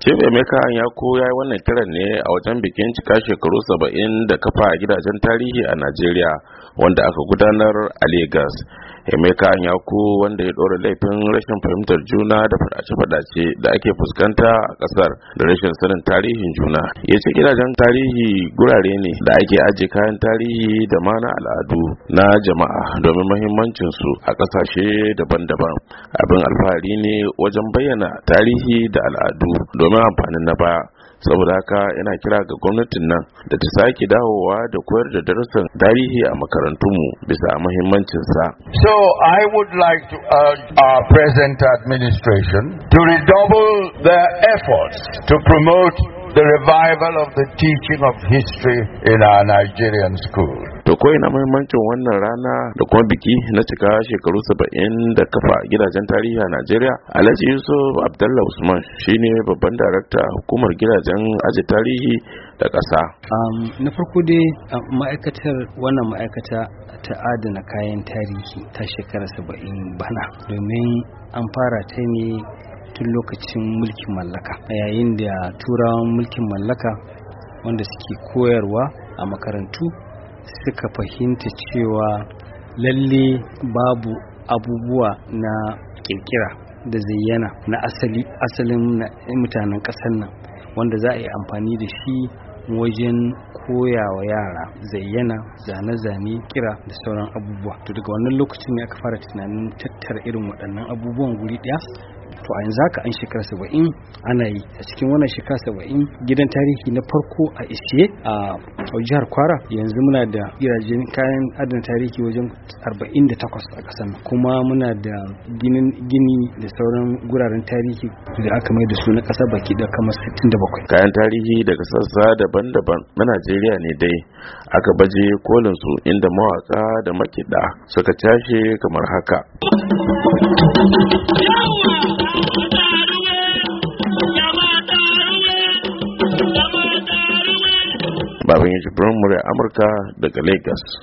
Chief mai kayan ya yi wannan kiran ne a wajen bikin cika shekaru saba'in da kafa a gidajen tarihi a Najeriya wanda aka gudanar a Legas. emeka anyaku wanda ya ɗora laifin rashin fahimtar juna da fadace-fadace da ake fuskanta a ƙasar da rashin sanin tarihin juna ya ce gidajen tarihi gurare ne da ake ajiye kayan tarihi da ma na al'adu na jama'a domin mahimmancinsu a ƙasashe daban-daban abin alfahari ne wajen bayyana tarihi da al'adu domin amfanin na baya saboda haka kira ga gwamnatin nan da ta sake dawowa da koyar da darussan tarihi a makarantunmu bisa So I would like to urge our present administration to redouble their efforts to promote the revival of the teaching of history in our Nigerian schools. to ko ina muhimmancin wannan rana da kuma biki na cika shekaru saba'in da kafa gidajen tarihi a najeriya alhaji yusuf abdallah usman shine babban darakta hukumar gidajen aji tarihi da ƙasa na farko dai ma'aikatar wannan ma'aikata ta adana kayan tarihi ta shekara saba'in bana domin an fara ta ne tun lokacin mulkin mallaka a yayin da turawan mulkin mallaka wanda suke koyarwa a makarantu suka fahimta cewa lalle babu abubuwa na kirkira da zayyana na asali asalin mutanen ƙasar nan wanda za a yi amfani da shi wajen koya wa yara zayyana zane-zane kira da sauran abubuwa to daga wannan lokacin ne aka fara tunanin tattara irin waɗannan abubuwan guri ɗaya to a yanzu haka an shekara saba'in ana yi a cikin wannan shekara saba'in gidan tarihi na farko a ishe a jihar kwara yanzu muna da ƙirajen kayan adana tarihi wajen arba'in da takwas a ƙasar kuma muna da gini da sauran guraren tarihi da aka mai da su na ƙasa baki da kamar sittin da bakwai. kayan tarihi daga sassa daban-daban na najeriya ne dai aka baje kolin su inda mawaka da makiɗa suka cashe kamar haka. babin yaji mu murya amurka daga lagos